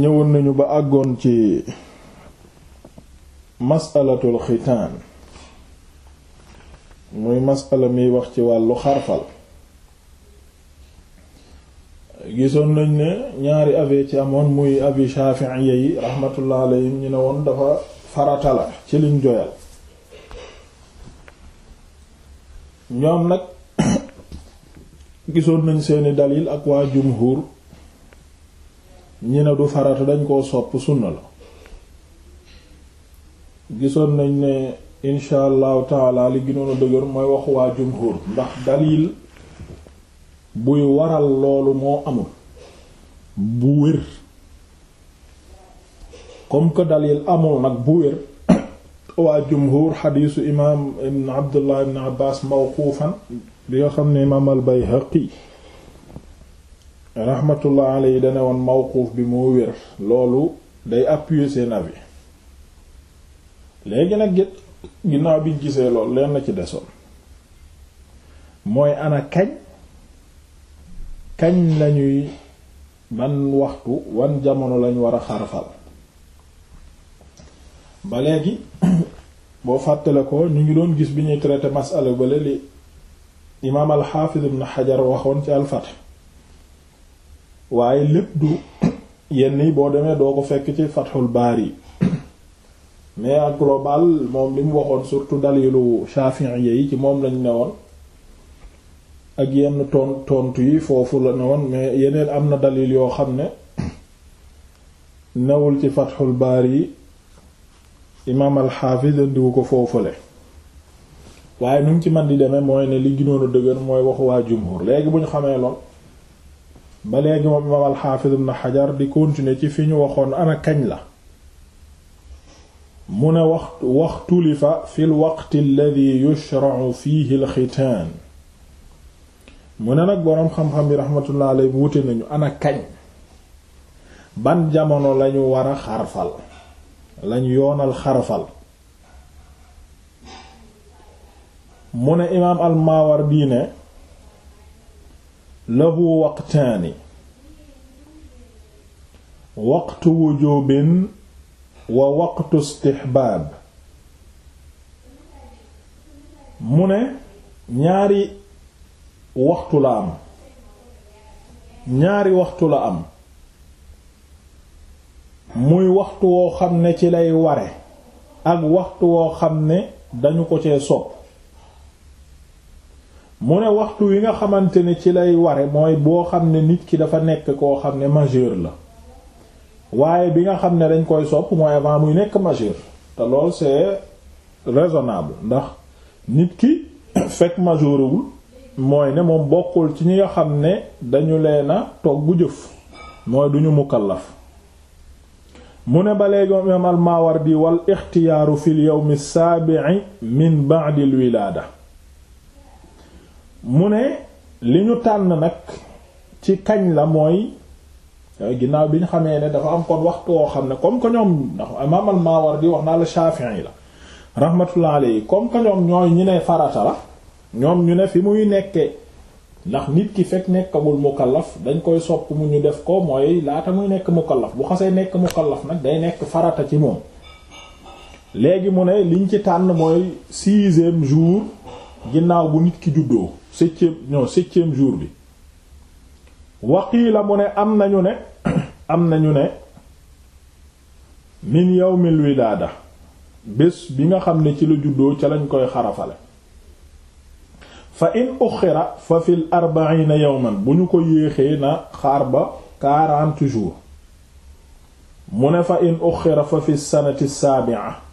ñëwoon nañu ba àggoon ci masalatul xitaan muy masala miy wax ci wàllu xarfal gisoon nañ ne ñaari avis ci amoon muy avis shafi'iyya yi rahmatullah alayhim ñu ne woon dafa farata la ci liñ joyal ñoom nag gisoon nañ seeni dalil ak waa jumhur ñi ne du farata dañ koo sopp sunna la gisoon nañ ne incha allahu li gënoon a mooy waxu waa jumhur ndax dalil buy waral loolu moo amul bu wér comme que dalil amul nag bu wér waa jumhur xadiisu imaam ibn abdullah ibn abbas mawquufan bi nga xam ne imaam al bayhaqi rahmatullah yi dane woon mawquuf bi mu wér loolu day appuyer seen avis léegi nag gét ginnaaw bi gisee loolu leen na ci desoon mooy ana kañ kañ lañuy man waxtu wan jamono lañu war a xarafal ba léegi boo fàttale ko ñu ngi doon gis bi ñuy traité masala bale li imaam al-Hafiz na Hajar waxoon ci al waaye lépp du yenn yi boo demee doo ko fekk ci Fathul Bari mais ak global moom li waxoon surtout dalilu Shafi'i yi ci moom lañ ne ak yenn ton tontu yi foofu la ne woon mais yeneen am na dalil yoo xam ne newul ci Fathul Bari imaam al-Hafiz andiwu ko foofule waaye nu mu ci man di demee mooy ne li ginoon dëgër mooy waxu waa jumhur léegi bu ñu xamee lool ba léegi moom imaam alxaafiz ibn xajar di continuer ci fi ñu waxoon ana kañ la mu ne waxtu waxtulifa fi lwaqti alladi yushracu fiihi alxitaan mu ne nag boroom xam-xam yi raxmatullah aley wute nañu ana kañ ban jamono lañu war a xarfal lañu yoonal xarfal mu ne imaam almaawardi ne lahu waqtaani waqtu wujubin wa waqtu istihbaab mu ne waxtu la ñaari waxtu la am muy waxtu woo xam ne ci lay ware ak waxtu woo xam ne dañu ko cee sopp mu ne waxtu wi nga xamante ne ci lay ware mooy boo xam ne nit ki dafa nekk koo xam ne majeur la waaye bi nga xam ne dañ koy sopp mooy avant muy nekk majeur te lool c'est raisonnable ndax nit ki fekk majeurul mooy ne moom bokkul ci ñi nga xam ne dañu leena toog bu jëf mooy duñu mukallaf mu ne ba léegi moom imaam al-Mawardi wal ixtiyaaru fil yawmi as min ba'dil wilaada mu ne li ñu tànn nag ci kañ la mooy ginnaaw bi ñu xamee ne dafa am kon waxtu woo xam ne comme que ñoom ndax imaam al-Mawardi wax naa la Shafi'i la rahmatullah alayhi comme que ñoom ñooy ñu ne farata la ñoom ñu ne fi muy nekkee ndax nit ki fekk nekkagul mukallaf dañ koy sopp mu ñu def ko mooy laata muy nekk mukallaf bu xasee nekk mukallaf nag day nekk farata ci moom léegi mu ne liñ ci tànn mooy sixième jour ginnaaw bu nit ki juddoo septième non septième jour bi waqiila mu ne am nañu ne am nañu ne min yawmil wilaada bés bi nga xam ne ci la juddoo ca lañ koy xarafale fa in uxira fa fil arbaina yawman bu ñu ko yéexee na xaar ba quarante jours mu ne fa in uxira fa fi sanati saabia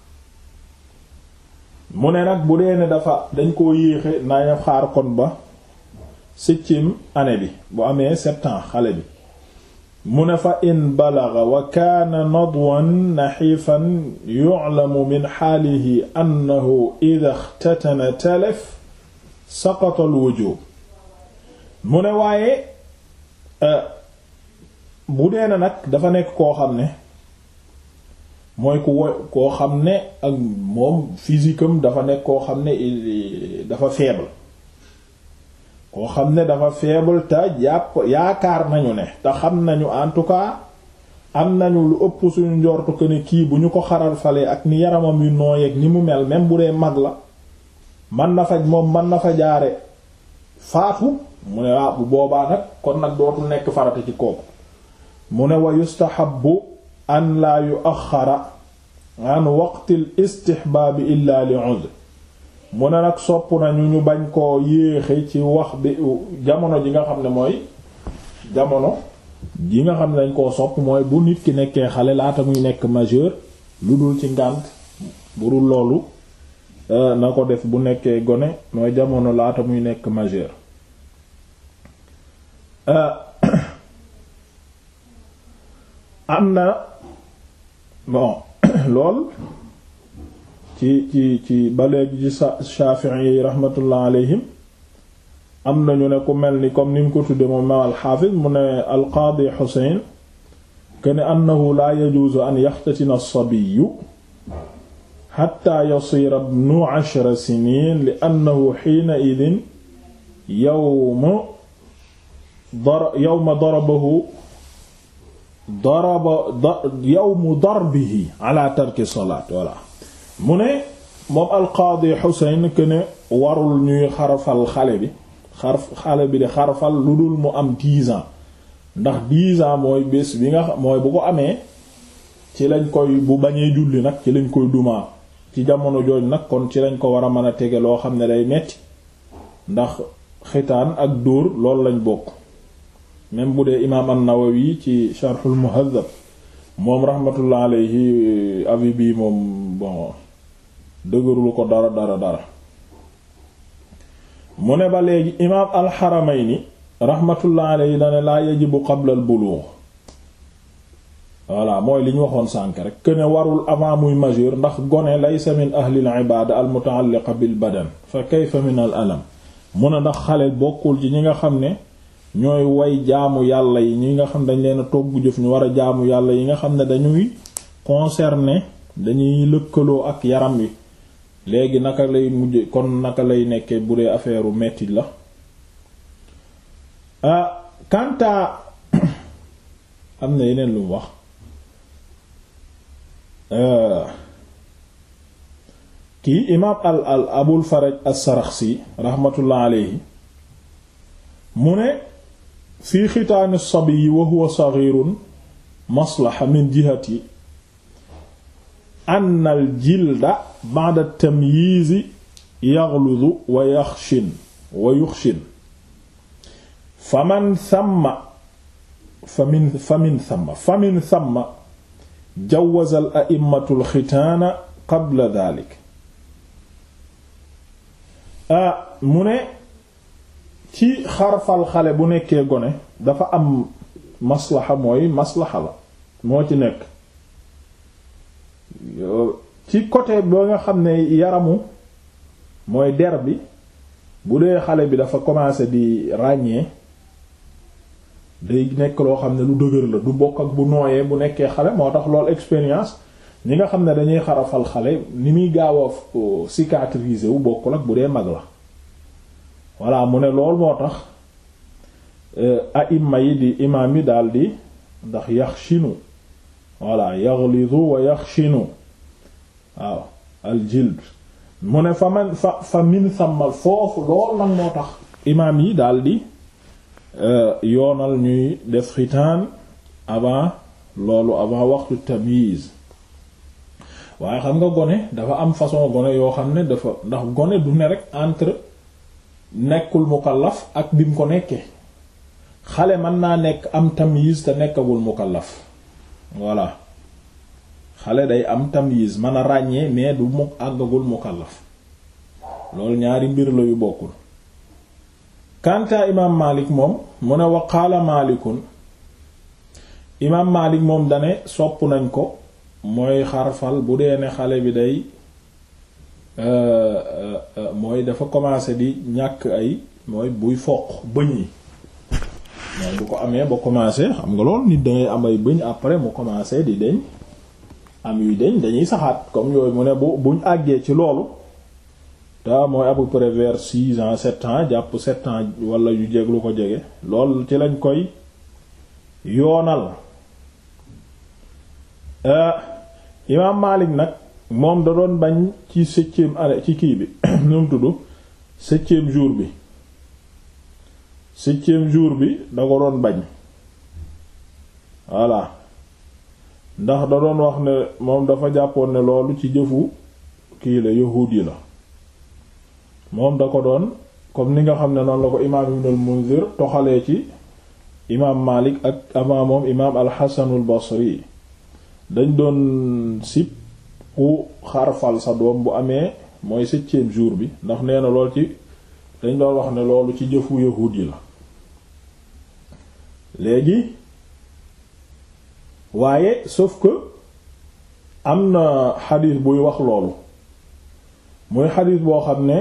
mu ne nag bu dee ne dafa dañ koo yéexe nañu xaar kon ba septième année bi bu amee sept xale bi mu ne fa in balaga wa kaana nadwan naxiifan yuclamu min xaalihi annahu ida xtatana telef saqata alwujub mu ne waaye euh, bu dee ne nag dafa nekk koo xam ne mooy ku wo koo xam ne ak moom physique dafa nekk koo xam ne dafa faible koo xam ne dafa faible te jàpp yaakaar nañu ne te xam nañu en tout cas am nañu lu ëpp suñu njortu ko ne kii bu ñu ko xaral falee ak ni yaramam yu nooyeeg ni mu mel même bu dee mag la man na faj moom man na fa jaare faatu mu ne waa ah, bu boobaa nag kon nag dootul nekk farata ci kooku mu ne wa yustahabbu an laa yu axara an waqtil istixbaabi illa li udr mu ne nag sopp nañu ñu bañ koo yéexe ci wax bi jamono ji nga xam ne mooy jamono ji nga xam ne dañ koo sopp mooy bu nit ki nekkee xale laata muy nekk majeur lu dul ci ngànt burul loolu euh, na ko def bu nekkee gone mooy jamono laata muy nekk majeur euh, am na bon lool ci ci ci ba léegi ci Shafi'i yi rahmatullah alayhim am nañu ne ku mel ni comme ni mu ko tudde moom ma al-Hafiz mu ne al-Qadi Husayn kene annahu la yajuzu an yaxtatina as-sabiyyu hatta yasira ibnu ashra sinin li annahu hiina idin yawma yawma darabahu daraba yawmu darbihi ala tarki salaat voilà mu ne moom alqaadi Xuseyn que ne warul ñuy xarfal xale bi xarf xale bi di xarfal lu dul mu am dix ndax dix ans mooy bés bi nga mooy bu ko amee ci lañ koy bu bañee julli nag ci lañ koy dumaa ci jamono jooj nag kon ci lañ ko war a mën a tege loo xam ne day metti ndax xitaan ak dóor loolu lañ bokk même bu dee imaam an-Nawawi ci sharhul Muhazzab moom rahmatullah alayhi avis bi moom bon dëgërul ko dara dara dara mu ne ba léegi imaam al-Haramayni rahmatullah alayhi dane laa yajibu qabla al-bulugh voilà mooy li ñu waxoon sànk rek que warul avant muy majeur ndax gone laysa min ahlil ibaada al muta'alliqa bil badan fa kayfa min al alam mu ne ndax xale bokkul ci ñi nga xam ne ñooy way jaamu yàlla yi ñi nga xam dañ leen a togg jëf ñu war a jaamu yàlla yi nga xam ne dañuy concerné dañuy lëkkaloo ak yaram wi léegi naka lay mujj kon naka lay nekkee bu dee affaire u metti la ah kanta am na yeneen lu wax euh, kii imaam al al abul faraj as-saraxsi raxmatullah alayhi mu ne fii xitaani sabiyi wa huwa saghirun maslaxa min jihati an al jilda ba'da tamyizi yaghludu wa yaxshin wa yuxshin faman thamma famin famin thamma famin thamma jawaza al a'immatu al xitaana qabla dhalik a ah, mu ne ci xarfal xale bu nekkee gone dafa am maslaxa mooy maslaxa la moo ci nekk ci côté ba nga xam ne yaramu mooy der bi bu dee xale bi dafa commencé di ràññee day nekk loo xam ne lu dëgër la du bokk ak bu nooyee bu nekkee xale moo tax loolu expérience ñi nga xam ne dañuy xarafal xale ni muy gaaw a euh, cicatriser wu bokkul ak bu dee mag la voilà mu ne lool moo tax euh, aima yi di imaam yi daal di ndax yaxshinu voilà yaghlizu wa yaxshinu waaw aljild mu ne fa man fa fa min sàmmal foofu lool nag moo tax imaam yi daal di euh, yoonal ñuy def xitaan avant loolu avant waxtu tamyiz waaye xam nga gone dafa am façon gone yoo xam ne dafa ndax gone du ne rek nekkul mukallaf ak bi mu ko nekkee xale mën naa nekk am tamyiz te nekkagul mukallaf voilà xale day am tamyiz mën a ràññee mais du mu àggagul mukallaf loolu ñaari mbir la yu bokkul kanta imaam Maalik moom mu ne wa qaala Maalikun imaam Maalik moom dane sopp nañ ko mooy xarfal bu dee ne xale bi day Euh, euh, euh, mooy dafa commencé di ñàkk ay mooy buy foq bëñ yi mooy bu ko amee ba commencé xam nga lool nit dangay am ay bëñ après mu commencé di deñ am yuy deñ dañuy saxaat comme yooyu mu ne bu buñ àggee ci loolu te mooy abu peu près vers six ans sept jàpp sept ans wala yu jeglu ko jege lool ci lañ koy yoonal imaam Maalik nag moom da doon bañ ci septième année ci kii bi ñoom tudd septième jour bi septième jour bi da ko doon bañ voilà ndax da doon wax ne moom dafa jàppoon ne loolu ci jëfu kii la yahuud yi la moom da ko doon comme ni nga xam ne noonu la ko imaam ibn al toxalee ci imaam Maalik ak avant moom imaam al Basri dañ doon sip ku xarfal sa doom bu amee mooy septième jour bi ndax nee na lool ci dañ doon wax ne loolu ci jëfu yahuud yi la léegi waaye sauf que am na xadiis buy wax loolu muy xadiis boo xam ne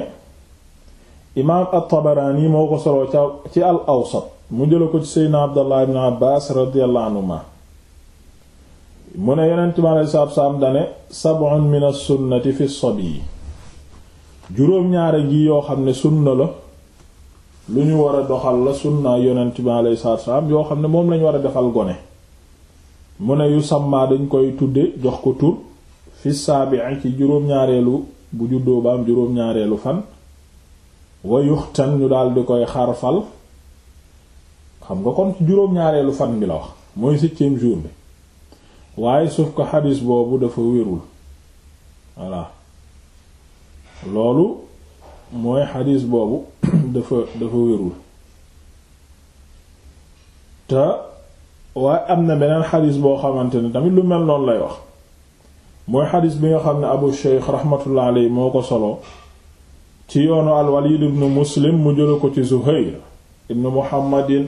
imaam at-Tabarani moo ko solo ca ci al awsat mu jëla ko ci seydna Abdallah ibn Abbas radiyallahu anhuma mu ne yonent mi aleyhi salaatu salaam dane sab'un min as-sunnati fi as yi juróom-ñaare gi yoo xam ne sunna la lu ñu war a doxal la sunna yonent mi aleyhi salaatu salaam yoo xam ne moom lañu war a defal gone mu ne yu sàmmaa dañ koy tudde jox ko tur fi saabi'i ci juróom-ñaareelu bu juddoo ba juróom-ñaareelu fan wa yuxtan ñu daal di koy xarfal xam nga kon ci juróom-ñaareelu fan bi la wax mooy septième jour bi waaye suuf ko xadis boobu dafa wérul voilà loolu mooy xadis boobu dafa dafa wérul te waaye am na beneen xadis boo xamante ne tamit lu mel noonu lay wax mooy xadis bi nga xam ne abu sheikh rahmatullah alayhi moo ko solo ci yoonu alwalid ibnu muslim mu jëla ko ci zuhayr ibnu muhammadin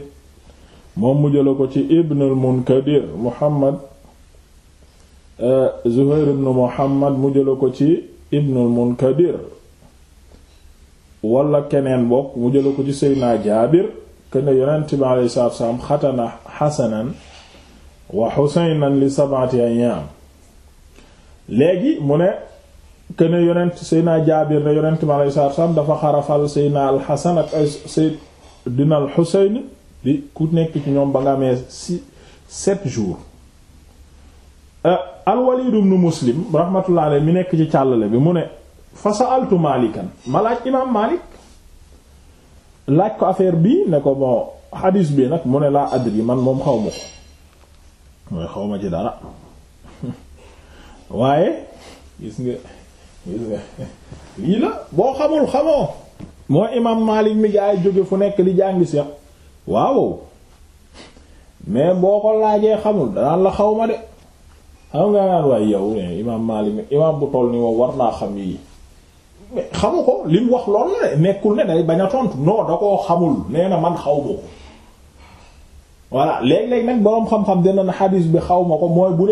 moom mu jëla ko ci ibnul munkadir muhammad Euh, Zuhair ibn Muhammad mu jëla ko ci Ibnul Munkadir walla keneen bokk mu jëla ko ci Seydina Jaabir kene yonent bi alayhi salaatu salaam xatana xasanan wa xusaynan li sab'ati ayyaam léegi mu ne kene yonent Seydina Jaabir ne yonent bi alayhi salaatu salaam dafa xarafal Seydina al Xasan ak Seydina al Xusayn di ku nekk ci ñoom ba nga amee si sept jours Euh, al-Walid Muslim rahmatullah alayhi mi nekk ci càllale bi mu ne fa sa'altu Malikan ma laaj imaam Malik laaj ko affaire bi ne ko bon xadiis bi nag mu ne laa adri man moom xaw ma ko mooy xaw ma ci dara waaye gis nga gis nga imaam Malik mi jaay jóge fu nekk li jàngi seex waaw mais boo ko laajee xamul danaan la xaw ma de xam nga naan waaye yow eh, imaam Maalik imaam bu toll ni moom war naa xam yii xamu ko li mu wax loolu la nekkul ne day bañ a tontu non da koo xamul nee na man xaw ma ko voilà léeg-léeg nag boroom bi xaw ko mooy bu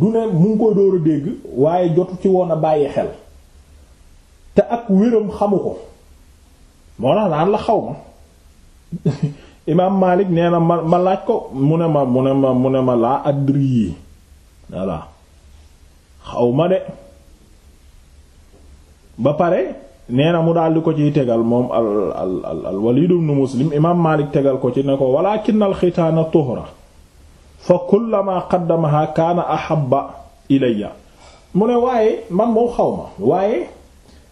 du ne mu dégg waaye jotu ci woon a bàyyi xel te ak wéram xamu ko moo tax la xaw ma imaam Maalik nee na ma ma laaj ko mu ne ma mu ne ma mu ne ma laa adri voilà xaw ma de ba pare nee na mu daal di ko ciy tegal moom al al al al Walid Muslim imaam Maalik tegal ko ci ne ko walaakinal xitaana tuhra fa kullamaa qaddamahaa kaana ahabba ilayya mu ne waaye man moom xaw ma waaye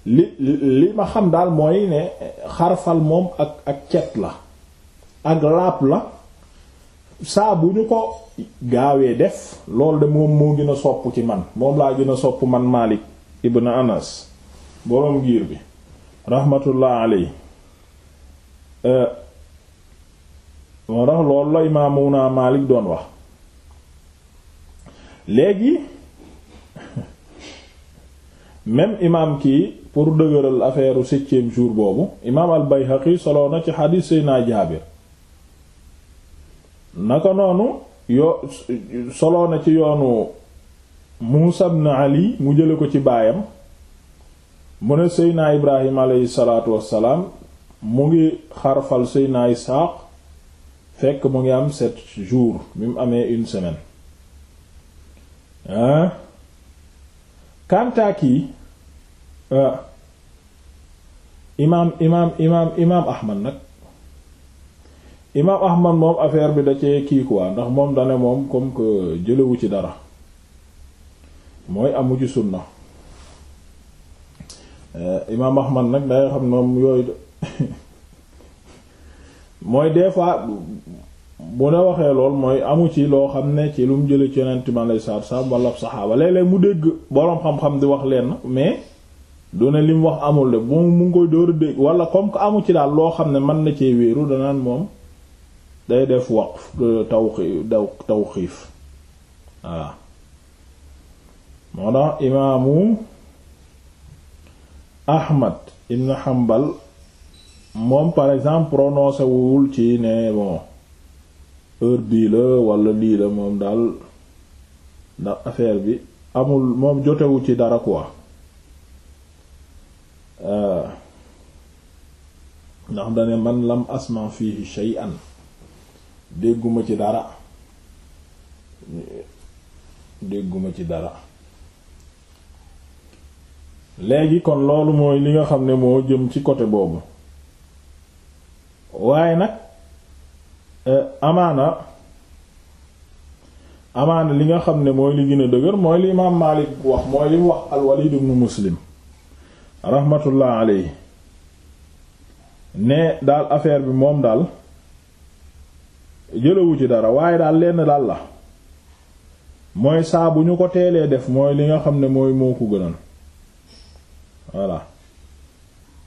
li li ma xam daal mooy ne xarfal moom ak ak cet la ak laab la saa bu ñu ko gaawee def loolu de moom moo gën a sopp ci man moom laa gën a sopp man Maalik ibn Anas boroom giir bi rahmatullah aley eh, moo tax loolu la imaamu naa Maalik doon wax léegi même imaam kii pour dëgëral affaire u septième jour boobu imaam al Bayhaqi solo na ci xadiis Seydina Jaabir naka noonu yo soloo na ci yoonu Muusa ibn Ali mu jële ko ci baayam mu ne seydna Ibrahim aleyhi salaatu wassalaam mu ngi xarfal seydna Isaaq fekk mu ngi am sept jours bi mu amee une semaine ah kantaak yi euh, imaam imaam imaam Ahmad nag imaam Ahmad moom affaire bi da cee kii quoi ndax moom dane moom comme que jëlewu ci dara mooy amu ci sunna euh, imaam Ahmad nag day xam moom yooyu mooy des fois bu ne waxee lool mooy amu ci loo xam ne ci lu mu jële ci yonent ma lay saab saab walla saxaaba léeg-léeg mu dégg boroom xam-xam di wax leen mais du ne li mu wax amul de bu mu ngi koy a dégg walla comme que amu ci daal loo xam ne man na cee wéeru danaan moom day def waqf euh, tawqi daw tawqiif waaw moo tax imaamu Ahmad ibn Hanbal moom par exemple prononcé wul ci ne bon heure bii la wala lii la moom daal ndax affaire bi amul moom jotewu ci dara quoi euh, ndax dane man lam asma fihi shay'an dégguma ci dara dégguma ci dara léegi kon loolu mooy li nga xam ne moo jëm ci côté boobu waaye nag euh, amaana amaana li nga xam ne mooy li gën a dëgër mooy li imaam Maalik wax mooy li mu wax al Muslim rahmatullah alayhi ne daal affaire bi moom daal jëlawu ci dara waaye daal lenn daal la mooy saa bu ñu ko teelee def mooy li nga xam ne mooy moo ko gënal voilà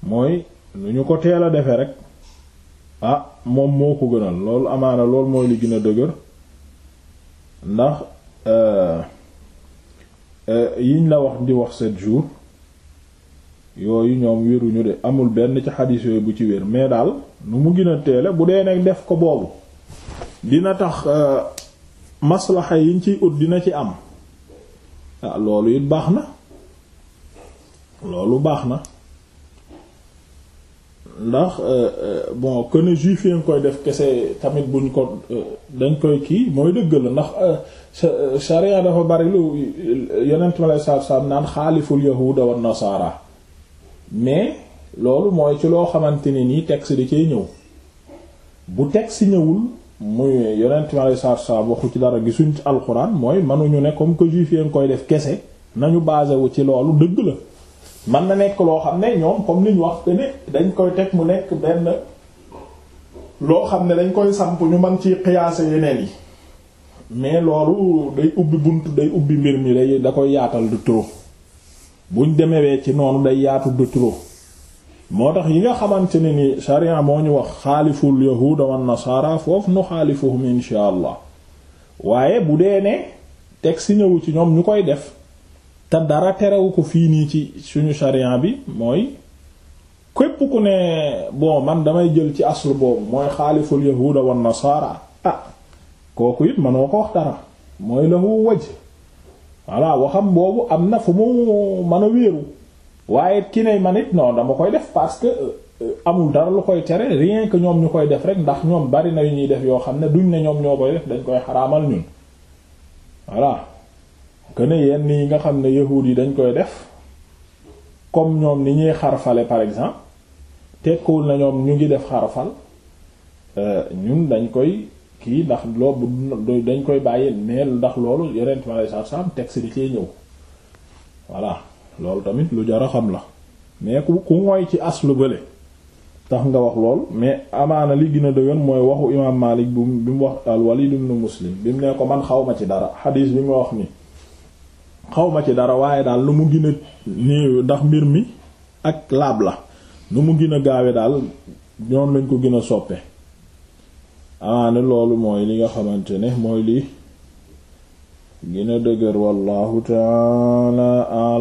mooy lu ñu ko teel a defee rek ah moom moo ko gënal loolu amaana lool mooy li gën a dëgër ndax euh, euh, yiñ la wax di wax sept jours yooyu ñoom wéruñu de amul benn ci xadiis bu ci wér mais daal nu mu gën a teele bu dee nag def ko boobu dina tax euh, maslaxa yiñ ci ut dina ci am ah loolu it baax na loolu baax na ndax euh, euh, bon que ne juif nga koy def kese tamit buñ ko dañ koy kii mooy dëgg la ndax sharia dafa bari lu yonent ma lay saab saab naan xaaliful yahuda wa nasaara mais loolu mooy ci loo xamante ne nii texte da cay ñëw bu texte ñëwul muy yonent mi alei saatu salaam waxu ci dara gisuñ ci alxuraan mooy mënuñu ne comme que juif yi koy def kese nañu basé wu ci loolu dëgg la man na nekk loo xam ne ñoom comme li wax que ne dañ koy teg mu nekk benn loo xam ne dañ koy samp ñu mën ci xiyaase yeneen yi mais loolu day ubbi bunt day ubbi mbir mi day da koy yaatal du trop buñ demewee ci noonu day yaatu du trop moo tax yi nga xamante ne ni sharia moo ñu wax xaaliful yahuda wan nasaara foofu nu xaalifuhum insha waaye bu dee ne teg si ñëwu ci ñoom ñu koy def te dara terewu ko fii nii ci suñu sharia bi mooy képp ku ne bon man damay jël ci aslu boobu mooy xaaliful yahuda wan nasaara ah kooku it mënoo ko wax dara mooy lahu waj voilà waxam boobu am na fu mu mën a wéeru waaye ki ne man it non dama koy def parce que euh, amul dara lu koy tere rien que ñoom ñu koy def rek ndax ñoom bari na ñuy def yoo xam ne duñ ne ñoom ñoo koy def dañ koy xaraamal ñun voilà que yenn yi nga xam ne yahuud yi dañ koy def comme ñoom ni ñuy xarfale par exemple tekkuwul na ñoom ñu ngi def xarfal euh, ñun dañ koy kii ndax loolu dañ koy bàyyi mais ndax loolu yeneen ma lay sax sax di cee ñëw voilà. loolu tamit lu jara xam la mais ku ku mooy ci aslu bële tax nga wax lool mais amaana li gina a mooy waxu imaam Maalik bu bi mu wax al Walid ibn Muslim bi mu ne ko man xaw ma ci dara xadiis bi ma wax ni xaw ma ci dara waaye daal lu mu gën a ndax mbir mi ak laab la nu mu gina a gaawe daal ñoom lañ ko gën a soppe amaana loolu mooy li nga xamante ne mooy lii gën a dëgër wallahu ta'ala